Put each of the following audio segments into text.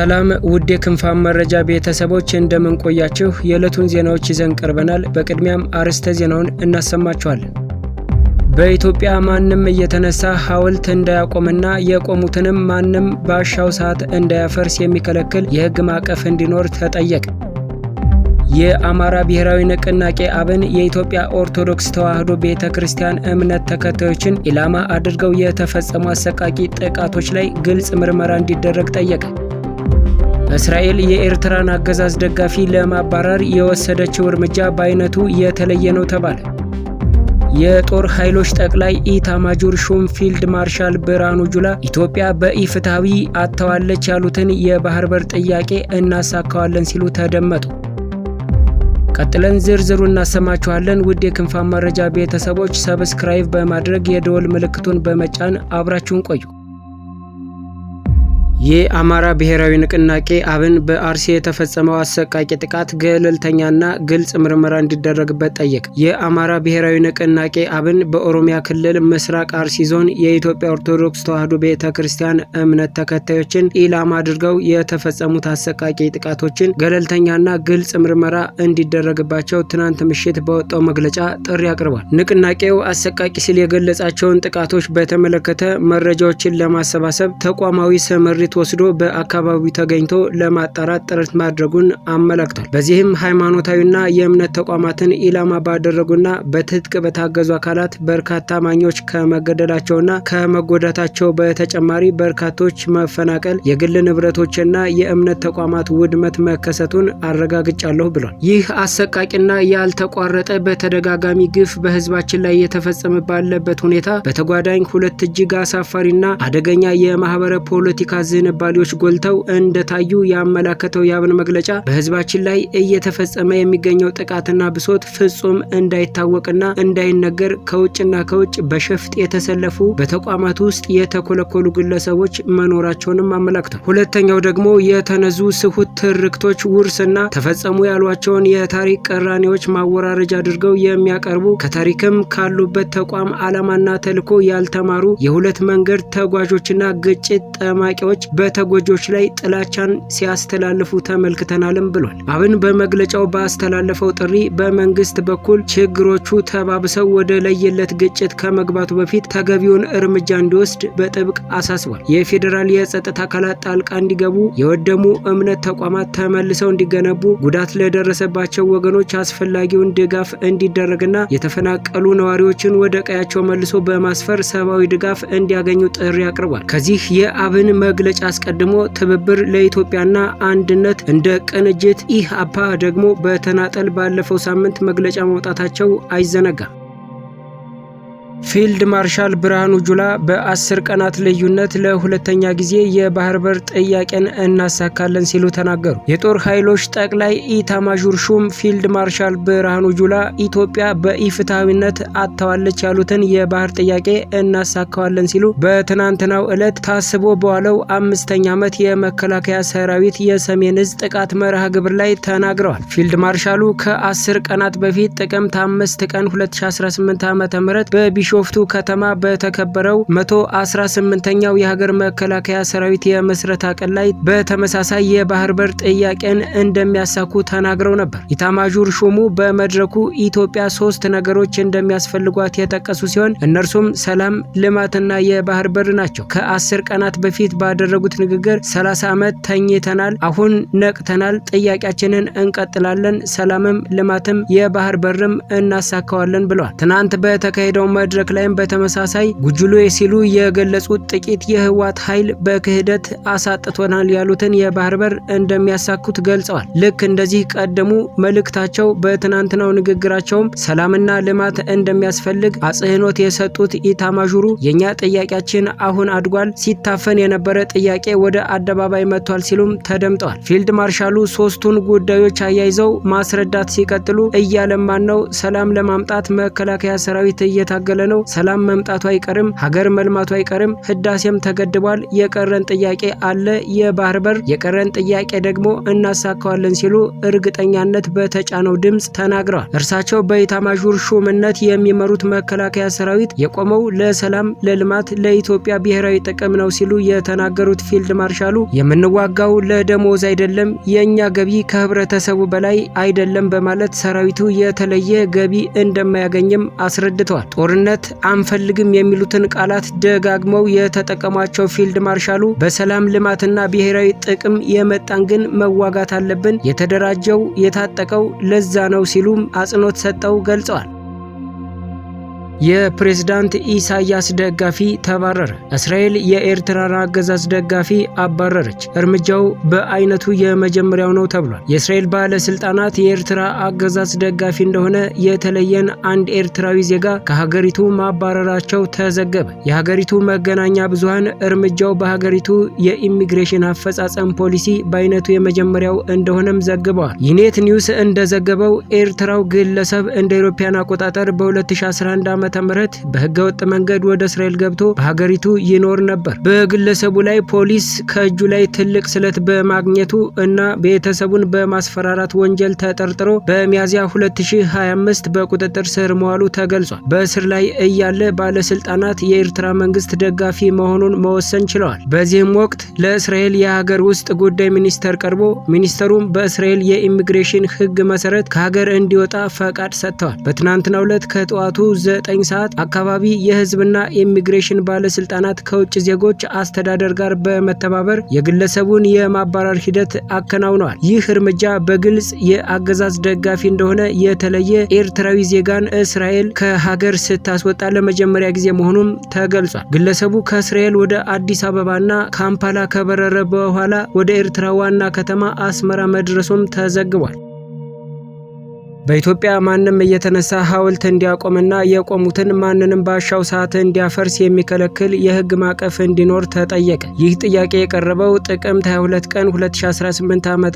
ሰላም ውድ የክንፋም መረጃ ቤተሰቦች እንደምንቆያችሁ፣ የዕለቱን ዜናዎች ይዘን ቀርበናል። በቅድሚያም አርዕስተ ዜናውን እናሰማችኋለን። በኢትዮጵያ ማንም እየተነሳ ሐውልት እንዳያቆምና የቆሙትንም ማንም ባሻው ሰዓት እንዳያፈርስ የሚከለክል የሕግ ማዕቀፍ እንዲኖር ተጠየቀ። የአማራ ብሔራዊ ንቅናቄ አብን የኢትዮጵያ ኦርቶዶክስ ተዋሕዶ ቤተ ክርስቲያን እምነት ተከታዮችን ኢላማ አድርገው የተፈጸሙ አሰቃቂ ጥቃቶች ላይ ግልጽ ምርመራ እንዲደረግ ጠየቀ። እስራኤል የኤርትራን አገዛዝ ደጋፊ ለማባረር የወሰደችው እርምጃ በአይነቱ የተለየ ነው ተባለ። የጦር ኃይሎች ጠቅላይ ኢታማጆር ሹም ፊልድ ማርሻል ብርሃኑ ጁላ ኢትዮጵያ በኢፍትሐዊ አጥተዋለች ያሉትን የባህር በር ጥያቄ እናሳካዋለን ሲሉ ተደመጡ። ቀጥለን ዝርዝሩ እናሰማችኋለን። ውድ የክንፋን መረጃ ቤተሰቦች ሰብስክራይብ በማድረግ የደወል ምልክቱን በመጫን አብራችሁን ቆዩ። የአማራ ብሔራዊ ንቅናቄ አብን በአርሲ የተፈጸመው አሰቃቂ ጥቃት ገለልተኛና ግልጽ ምርመራ እንዲደረግበት ጠየቅ። የአማራ ብሔራዊ ንቅናቄ አብን በኦሮሚያ ክልል ምስራቅ አርሲ ዞን የኢትዮጵያ ኦርቶዶክስ ተዋሕዶ ቤተ ክርስቲያን እምነት ተከታዮችን ኢላማ አድርገው የተፈጸሙት አሰቃቂ ጥቃቶችን ገለልተኛና ግልጽ ምርመራ እንዲደረግባቸው ትናንት ምሽት በወጣው መግለጫ ጥሪ አቅርቧል። ንቅናቄው አሰቃቂ ሲል የገለጻቸውን ጥቃቶች በተመለከተ መረጃዎችን ለማሰባሰብ ተቋማዊ ስምሪት ቤት ወስዶ በአካባቢው ተገኝቶ ለማጣራት ጥረት ማድረጉን አመላክቷል። በዚህም ሃይማኖታዊና የእምነት ተቋማትን ኢላማ ባደረጉና በትጥቅ በታገዙ አካላት በርካታ አማኞች ከመገደላቸውና ከመጎዳታቸው በተጨማሪ በርካቶች መፈናቀል፣ የግል ንብረቶችና የእምነት ተቋማት ውድመት መከሰቱን አረጋግጫለሁ ብሏል። ይህ አሰቃቂና ያልተቋረጠ በተደጋጋሚ ግፍ በህዝባችን ላይ የተፈጸመ ባለበት ሁኔታ በተጓዳኝ ሁለት እጅግ አሳፋሪና አደገኛ የማህበረ ፖለቲካ ዝ ዝንባሌዎች ጎልተው እንደታዩ ያመላከተው የአብን መግለጫ በህዝባችን ላይ እየተፈጸመ የሚገኘው ጥቃትና ብሶት ፍጹም እንዳይታወቅና እንዳይነገር ከውጭና ከውጭ በሸፍጥ የተሰለፉ በተቋማት ውስጥ የተኮለኮሉ ግለሰቦች መኖራቸውንም አመላክቷል። ሁለተኛው ደግሞ የተነዙ ስሁት ትርክቶች ውርስና ተፈጸሙ ያሏቸውን የታሪክ ቅራኔዎች ማወራረጃ አድርገው የሚያቀርቡ ከታሪክም ካሉበት ተቋም ዓላማና ተልዕኮ ያልተማሩ የሁለት መንገድ ተጓዦችና ግጭት ጠማቂዎች በተጎጆች ላይ ጥላቻን ሲያስተላልፉ ተመልክተናልም ብሏል። አብን በመግለጫው ባስተላለፈው ጥሪ በመንግስት በኩል ችግሮቹ ተባብሰው ወደ ለየለት ግጭት ከመግባቱ በፊት ተገቢውን እርምጃ እንዲወስድ በጥብቅ አሳስቧል። የፌዴራል የጸጥታ አካላት ጣልቃ እንዲገቡ፣ የወደሙ እምነት ተቋማት ተመልሰው እንዲገነቡ፣ ጉዳት ለደረሰባቸው ወገኖች አስፈላጊውን ድጋፍ እንዲደረግና የተፈናቀሉ ነዋሪዎችን ወደ ቀያቸው መልሶ በማስፈር ሰብአዊ ድጋፍ እንዲያገኙ ጥሪ አቅርቧል። ከዚህ የአብን መግለጫ ምርጫ አስቀድሞ ትብብር ለኢትዮጵያና አንድነት እንደ ቅንጅት ኢህአፓ ደግሞ በተናጠል ባለፈው ሳምንት መግለጫ መውጣታቸው አይዘነጋም። ፊልድ ማርሻል ብርሃኑ ጁላ በአስር ቀናት ልዩነት ለሁለተኛ ጊዜ የባህር በር ጥያቄን እናሳካለን ሲሉ ተናገሩ። የጦር ኃይሎች ጠቅላይ ኢታማዦር ሹም ፊልድ ማርሻል ብርሃኑ ጁላ ኢትዮጵያ በኢፍትሐዊነት አጥተዋለች ያሉትን የባህር ጥያቄ እናሳካዋለን ሲሉ በትናንትናው ዕለት ታስቦ በዋለው አምስተኛ ዓመት የመከላከያ ሰራዊት የሰሜን እዝ ጥቃት መርሃ ግብር ላይ ተናግረዋል። ፊልድ ማርሻሉ ከአስር ቀናት በፊት ጥቅምት አምስት ቀን 2018 ዓ ም በቢሽ በቢሾፍቱ ከተማ በተከበረው 118ኛው የሀገር መከላከያ ሰራዊት የመስረት ቀን ላይ በተመሳሳይ የባህር በር ጥያቄን እንደሚያሳኩ ተናግረው ነበር። ኢታማዦር ሹሙ በመድረኩ ኢትዮጵያ ሶስት ነገሮች እንደሚያስፈልጓት የጠቀሱ ሲሆን እነርሱም ሰላም፣ ልማትና የባህር በር ናቸው። ከአስር ቀናት በፊት ባደረጉት ንግግር 30 ዓመት ተኝተናል፣ አሁን ነቅተናል፣ ጥያቄያችንን እንቀጥላለን፣ ሰላምም ልማትም የባህር በርም እናሳካዋለን ብለዋል። ትናንት በተካሄደው መድረክ መድረክ ላይም በተመሳሳይ ጉጁሎ ሲሉ የገለጹት ጥቂት የህወሓት ኃይል በክህደት አሳጥቶናል ያሉትን የባህር በር እንደሚያሳኩት ገልጸዋል። ልክ እንደዚህ ቀደሙ መልእክታቸው በትናንትናው ንግግራቸውም ሰላምና ልማት እንደሚያስፈልግ አጽህኖት የሰጡት ኢታማዦሩ የእኛ ጥያቄያችን አሁን አድጓል፣ ሲታፈን የነበረ ጥያቄ ወደ አደባባይ መጥቷል ሲሉም ተደምጠዋል። ፊልድ ማርሻሉ ሶስቱን ጉዳዮች አያይዘው ማስረዳት ሲቀጥሉ እያለማን ነው፣ ሰላም ለማምጣት መከላከያ ሰራዊት እየታገለ ነው ነው። ሰላም መምጣቱ አይቀርም፣ ሀገር መልማቱ አይቀርም። ህዳሴም ተገድቧል። የቀረን ጥያቄ አለ፣ የባህር በር። የቀረን ጥያቄ ደግሞ እናሳካዋለን ሲሉ እርግጠኛነት በተጫነው ድምፅ ተናግረዋል። እርሳቸው በኢታማዦር ሹምነት የሚመሩት መከላከያ ሰራዊት የቆመው ለሰላም፣ ለልማት፣ ለኢትዮጵያ ብሔራዊ ጥቅም ነው ሲሉ የተናገሩት ፊልድ ማርሻሉ የምንዋጋው ለደሞዝ አይደለም፣ የእኛ ገቢ ከህብረተሰቡ በላይ አይደለም በማለት ሰራዊቱ የተለየ ገቢ እንደማያገኝም አስረድተዋል። ጦርነት መግባት አንፈልግም የሚሉትን ቃላት ደጋግመው የተጠቀሟቸው ፊልድ ማርሻሉ በሰላም ልማትና ብሔራዊ ጥቅም የመጣን ግን መዋጋት አለብን፣ የተደራጀው የታጠቀው ለዛ ነው ሲሉም አጽንኦት ሰጠው ገልጸዋል። የፕሬዝዳንት ኢሳያስ ደጋፊ ተባረረ። እስራኤል የኤርትራን አገዛዝ ደጋፊ አባረረች። እርምጃው በአይነቱ የመጀመሪያው ነው ተብሏል። የእስራኤል ባለስልጣናት የኤርትራ አገዛዝ ደጋፊ እንደሆነ የተለየን አንድ ኤርትራዊ ዜጋ ከሀገሪቱ ማባረራቸው ተዘገበ። የሀገሪቱ መገናኛ ብዙሃን እርምጃው በሀገሪቱ የኢሚግሬሽን አፈጻጸም ፖሊሲ በአይነቱ የመጀመሪያው እንደሆነም ዘግበዋል። ዩኔት ኒውስ እንደዘገበው ኤርትራው ግለሰብ እንደ አውሮፓውያን አቆጣጠር በ2011 ዓ ምህረት በህገወጥ መንገድ ወደ እስራኤል ገብቶ በሀገሪቱ ይኖር ነበር። በግለሰቡ ላይ ፖሊስ ከእጁ ላይ ትልቅ ስለት በማግኘቱ እና ቤተሰቡን በማስፈራራት ወንጀል ተጠርጥሮ በሚያዝያ 2025 በቁጥጥር ስር መዋሉ ተገልጿል። በእስር ላይ እያለ ባለስልጣናት የኤርትራ መንግስት ደጋፊ መሆኑን መወሰን ችለዋል። በዚህም ወቅት ለእስራኤል የሀገር ውስጥ ጉዳይ ሚኒስተር ቀርቦ ሚኒስተሩም በእስራኤል የኢሚግሬሽን ህግ መሰረት ከሀገር እንዲወጣ ፈቃድ ሰጥተዋል። በትናንትናው ዕለት ከጠዋቱ 9 ሰዓት አካባቢ የህዝብና የኢሚግሬሽን ባለስልጣናት ከውጭ ዜጎች አስተዳደር ጋር በመተባበር የግለሰቡን የማባረር ሂደት አከናውነዋል። ይህ እርምጃ በግልጽ የአገዛዝ ደጋፊ እንደሆነ የተለየ ኤርትራዊ ዜጋን እስራኤል ከሀገር ስታስወጣ ለመጀመሪያ ጊዜ መሆኑም ተገልጿል። ግለሰቡ ከእስራኤል ወደ አዲስ አበባና ካምፓላ ከበረረ በኋላ ወደ ኤርትራ ዋና ከተማ አስመራ መድረሱም ተዘግቧል። በኢትዮጵያ ማንም እየተነሳ ሐውልት እንዲያቆምና የቆሙትን ማንንም ባሻው ሰዓት እንዲያፈርስ የሚከለክል የህግ ማዕቀፍ እንዲኖር ተጠየቀ። ይህ ጥያቄ የቀረበው ጥቅምት 22 ቀን 2018 ዓ ም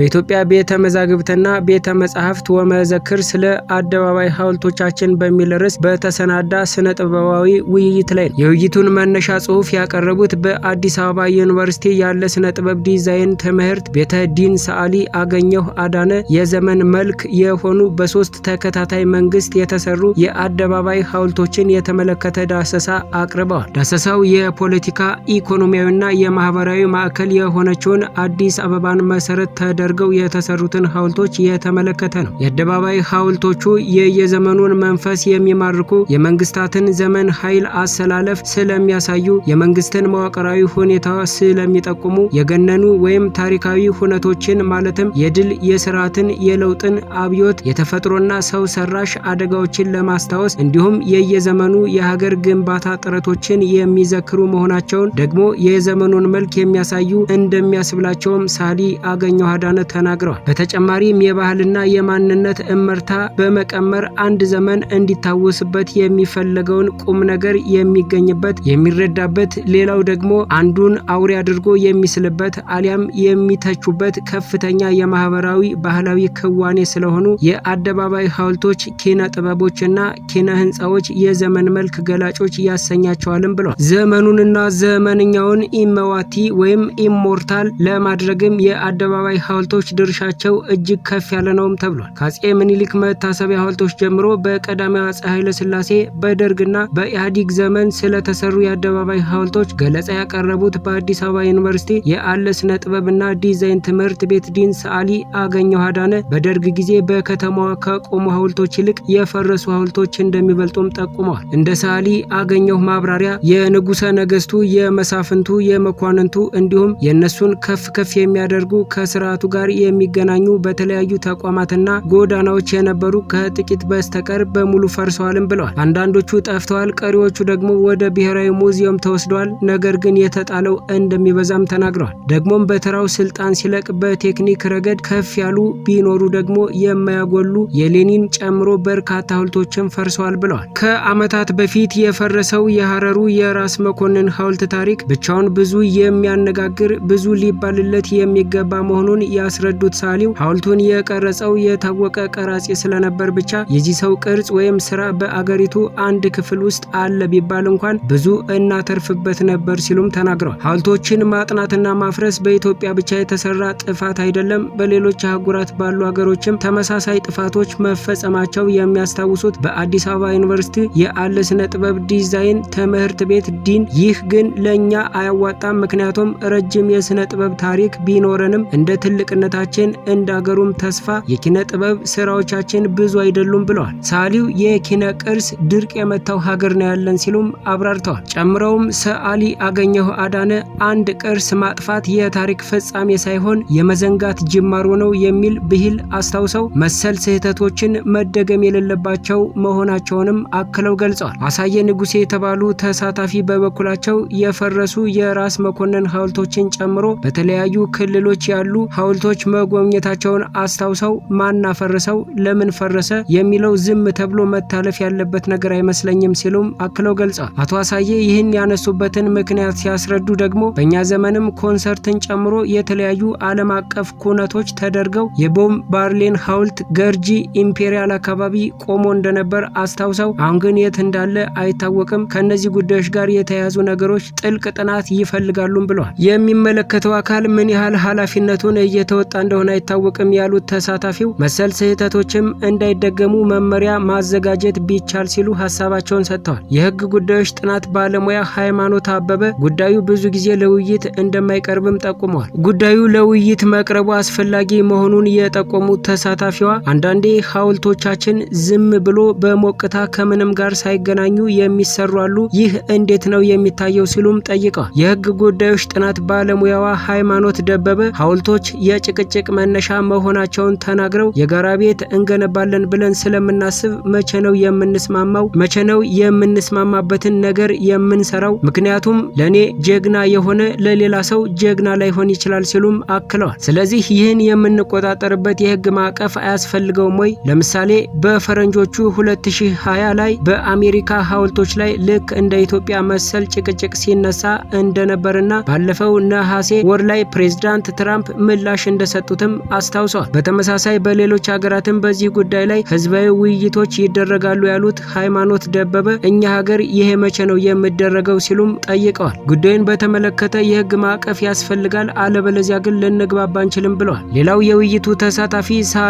በኢትዮጵያ ቤተ መዛግብትና ቤተ መጻሕፍት ወመዘክር ስለ አደባባይ ሐውልቶቻችን በሚል ርዕስ በተሰናዳ ስነ ጥበባዊ ውይይት ላይ ነው። የውይይቱን መነሻ ጽሑፍ ያቀረቡት በአዲስ አበባ ዩኒቨርሲቲ ያለ ስነ ጥበብ ዲዛይን ትምህርት ቤተ ዲን ሰዓሊ አገኘሁ አዳነ የዘመን መልክ የሆ የሆኑ በሶስት ተከታታይ መንግስት የተሰሩ የአደባባይ ሐውልቶችን የተመለከተ ዳሰሳ አቅርበዋል። ዳሰሳው የፖለቲካ ኢኮኖሚያዊና የማህበራዊ ማዕከል የሆነችውን አዲስ አበባን መሰረት ተደርገው የተሰሩትን ሐውልቶች የተመለከተ ነው። የአደባባይ ሐውልቶቹ የየዘመኑን መንፈስ የሚማርኩ የመንግስታትን ዘመን ኃይል አሰላለፍ ስለሚያሳዩ የመንግስትን መዋቅራዊ ሁኔታ ስለሚጠቁሙ የገነኑ ወይም ታሪካዊ ሁነቶችን ማለትም የድል፣ የስርዓትን፣ የለውጥን አብዮት የተፈጥሮና ሰው ሰራሽ አደጋዎችን ለማስታወስ እንዲሁም የየዘመኑ የሀገር ግንባታ ጥረቶችን የሚዘክሩ መሆናቸውን ደግሞ የዘመኑን መልክ የሚያሳዩ እንደሚያስብላቸውም ሳሊ አገኘሁ አዳነ ተናግረዋል። በተጨማሪም የባህልና የማንነት እመርታ በመቀመር አንድ ዘመን እንዲታወስበት የሚፈለገውን ቁም ነገር የሚገኝበት የሚረዳበት፣ ሌላው ደግሞ አንዱን አውሬ አድርጎ የሚስልበት አሊያም የሚተቹበት ከፍተኛ የማህበራዊ ባህላዊ ክዋኔ ስለሆኑ የአደባባይ ሐውልቶች ኪነ ጥበቦችና ኪነ ህንፃዎች የዘመን መልክ ገላጮች ያሰኛቸዋልም ብሏል። ዘመኑንና ዘመንኛውን ኢመዋቲ ወይም ኢሞርታል ለማድረግም የአደባባይ ሐውልቶች ድርሻቸው እጅግ ከፍ ያለ ነውም ተብሏል። ከአፄ ምኒልክ መታሰቢያ ሐውልቶች ጀምሮ በቀዳማዊ አፄ ኃይለሥላሴ በደርግና በኢህአዲግ ዘመን ስለተሰሩ የአደባባይ ሐውልቶች ገለጻ ያቀረቡት በአዲስ አበባ ዩኒቨርሲቲ የአለ ስነ ጥበብና ዲዛይን ትምህርት ቤት ዲን ሰዓሊ አገኘው አዳነ በደርግ ጊዜ በከ በከተማዋ ከቆሙ ሐውልቶች ይልቅ የፈረሱ ሐውልቶች እንደሚበልጡም ጠቁመዋል። እንደ ሳሊ አገኘሁ ማብራሪያ የንጉሠ ነገሥቱ የመሳፍንቱ፣ የመኳንንቱ እንዲሁም የእነሱን ከፍ ከፍ የሚያደርጉ ከስርዓቱ ጋር የሚገናኙ በተለያዩ ተቋማትና ጎዳናዎች የነበሩ ከጥቂት በስተቀር በሙሉ ፈርሰዋልም ብለዋል። አንዳንዶቹ ጠፍተዋል፣ ቀሪዎቹ ደግሞ ወደ ብሔራዊ ሙዚየም ተወስደዋል። ነገር ግን የተጣለው እንደሚበዛም ተናግረዋል። ደግሞም በተራው ስልጣን ሲለቅ በቴክኒክ ረገድ ከፍ ያሉ ቢኖሩ ደግሞ የማያ የተጎሉ የሌኒን ጨምሮ በርካታ ሀውልቶችን ፈርሰዋል ብለዋል። ከአመታት በፊት የፈረሰው የሀረሩ የራስ መኮንን ሐውልት ታሪክ ብቻውን ብዙ የሚያነጋግር ብዙ ሊባልለት የሚገባ መሆኑን ያስረዱት ሳሊው ሐውልቱን የቀረጸው የታወቀ ቀራጺ ስለነበር ብቻ የዚህ ሰው ቅርጽ ወይም ስራ በአገሪቱ አንድ ክፍል ውስጥ አለ ቢባል እንኳን ብዙ እናተርፍበት ነበር ሲሉም ተናግረዋል። ሀውልቶችን ማጥናትና ማፍረስ በኢትዮጵያ ብቻ የተሰራ ጥፋት አይደለም። በሌሎች አህጉራት ባሉ አገሮችም ተመሳሳይ ላይ ጥፋቶች መፈጸማቸው የሚያስታውሱት በአዲስ አበባ ዩኒቨርሲቲ የአለ ስነ ጥበብ ዲዛይን ትምህርት ቤት ዲን፣ ይህ ግን ለእኛ አያዋጣም፣ ምክንያቱም ረጅም የስነ ጥበብ ታሪክ ቢኖረንም እንደ ትልቅነታችን እንዳገሩም ተስፋ የኪነ ጥበብ ስራዎቻችን ብዙ አይደሉም ብለዋል። ሳሊው የኪነ ቅርስ ድርቅ የመታው ሀገር ነው ያለን ሲሉም አብራርተዋል። ጨምረውም ሰዓሊ አገኘሁ አዳነ አንድ ቅርስ ማጥፋት የታሪክ ፍጻሜ ሳይሆን የመዘንጋት ጅማሮ ነው የሚል ብሂል አስታውሰው መሰ መሰል ስህተቶችን መደገም የሌለባቸው መሆናቸውንም አክለው ገልጸዋል። አሳየ ንጉሴ የተባሉ ተሳታፊ በበኩላቸው የፈረሱ የራስ መኮንን ሐውልቶችን ጨምሮ በተለያዩ ክልሎች ያሉ ሐውልቶች መጎብኘታቸውን አስታውሰው ማና አፈረሰው፣ ለምን ፈረሰ የሚለው ዝም ተብሎ መታለፍ ያለበት ነገር አይመስለኝም ሲሉም አክለው ገልጸዋል። አቶ አሳየ ይህን ያነሱበትን ምክንያት ሲያስረዱ ደግሞ በእኛ ዘመንም ኮንሰርትን ጨምሮ የተለያዩ ዓለም አቀፍ ኩነቶች ተደርገው የቦብ ባርሌን ሐውልት ገርጂ ኢምፔሪያል አካባቢ ቆሞ እንደነበር አስታውሰው አሁን ግን የት እንዳለ አይታወቅም፣ ከእነዚህ ጉዳዮች ጋር የተያያዙ ነገሮች ጥልቅ ጥናት ይፈልጋሉም ብለዋል። የሚመለከተው አካል ምን ያህል ኃላፊነቱን እየተወጣ እንደሆነ አይታወቅም ያሉት ተሳታፊው መሰል ስህተቶችም እንዳይደገሙ መመሪያ ማዘጋጀት ቢቻል ሲሉ ሀሳባቸውን ሰጥተዋል። የህግ ጉዳዮች ጥናት ባለሙያ ሃይማኖት አበበ ጉዳዩ ብዙ ጊዜ ለውይይት እንደማይቀርብም ጠቁመዋል። ጉዳዩ ለውይይት መቅረቡ አስፈላጊ መሆኑን የጠቆሙት ተሳታፊዋ አንዳንዴ ሐውልቶቻችን ዝም ብሎ በሞቅታ ከምንም ጋር ሳይገናኙ የሚሰሩ አሉ። ይህ እንዴት ነው የሚታየው ሲሉም ጠይቀዋል። የህግ ጉዳዮች ጥናት ባለሙያዋ ሃይማኖት ደበበ ሐውልቶች የጭቅጭቅ መነሻ መሆናቸውን ተናግረው የጋራ ቤት እንገነባለን ብለን ስለምናስብ መቼ ነው የምንስማማው? መቼ ነው የምንስማማበትን ነገር የምንሰራው? ምክንያቱም ለእኔ ጀግና የሆነ ለሌላ ሰው ጀግና ላይሆን ይችላል ሲሉም አክለዋል። ስለዚህ ይህን የምንቆጣጠርበት የህግ ማዕቀፍ አያስፈ አያስፈልገውም ወይ? ለምሳሌ በፈረንጆቹ 2020 ላይ በአሜሪካ ሐውልቶች ላይ ልክ እንደ ኢትዮጵያ መሰል ጭቅጭቅ ሲነሳ እንደነበርና ባለፈው ነሐሴ ወር ላይ ፕሬዝዳንት ትራምፕ ምላሽ እንደሰጡትም አስታውሰዋል። በተመሳሳይ በሌሎች ሀገራትም በዚህ ጉዳይ ላይ ህዝባዊ ውይይቶች ይደረጋሉ ያሉት ሃይማኖት ደበበ እኛ ሀገር ይሄ መቼ ነው የሚደረገው ሲሉም ጠይቀዋል። ጉዳዩን በተመለከተ የህግ ማዕቀፍ ያስፈልጋል፣ አለበለዚያ ግን ልንግባባ አንችልም ብለዋል። ሌላው የውይይቱ ተሳታፊ ሳሊ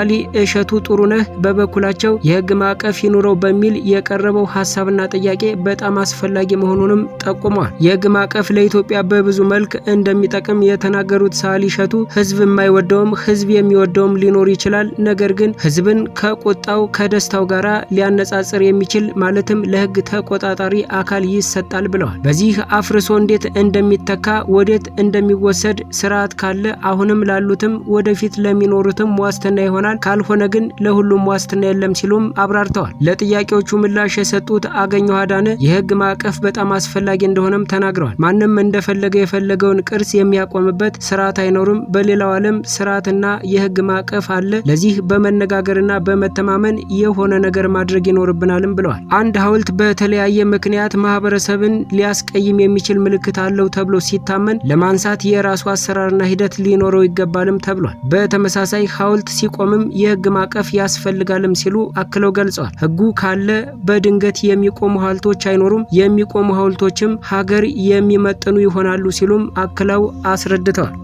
እሸቱ ጥሩነህ በበኩላቸው የህግ ማዕቀፍ ይኑረው በሚል የቀረበው ሀሳብና ጥያቄ በጣም አስፈላጊ መሆኑንም ጠቁሟል። የህግ ማዕቀፍ ለኢትዮጵያ በብዙ መልክ እንደሚጠቅም የተናገሩት ሰ እሸቱ ህዝብ የማይወደውም ህዝብ የሚወደውም ሊኖር ይችላል። ነገር ግን ህዝብን ከቁጣው ከደስታው ጋራ ሊያነጻጽር የሚችል ማለትም ለህግ ተቆጣጣሪ አካል ይሰጣል ብለዋል። በዚህ አፍርሶ እንዴት እንደሚተካ ወዴት እንደሚወሰድ ስርዓት ካለ አሁንም ላሉትም ወደፊት ለሚኖሩትም ዋስትና ይሆናል ካልሆነ ከሆነ ግን ለሁሉም ዋስትና የለም ሲሉም አብራርተዋል። ለጥያቄዎቹ ምላሽ የሰጡት አገኘሁ አዳነ የህግ ማዕቀፍ በጣም አስፈላጊ እንደሆነም ተናግረዋል። ማንም እንደፈለገ የፈለገውን ቅርስ የሚያቆምበት ስርዓት አይኖርም። በሌላው ዓለም ስርዓትና የህግ ማዕቀፍ አለ። ለዚህ በመነጋገርና በመተማመን የሆነ ነገር ማድረግ ይኖርብናልም ብለዋል። አንድ ሐውልት በተለያየ ምክንያት ማህበረሰብን ሊያስቀይም የሚችል ምልክት አለው ተብሎ ሲታመን ለማንሳት የራሱ አሰራርና ሂደት ሊኖረው ይገባልም ተብሏል። በተመሳሳይ ሐውልት ሲቆምም የህግ ማቀፍ ያስፈልጋልም ሲሉ አክለው ገልጸዋል። ህጉ ካለ በድንገት የሚቆሙ ሀውልቶች አይኖሩም፣ የሚቆሙ ሀውልቶችም ሀገር የሚመጥኑ ይሆናሉ ሲሉም አክለው አስረድተዋል።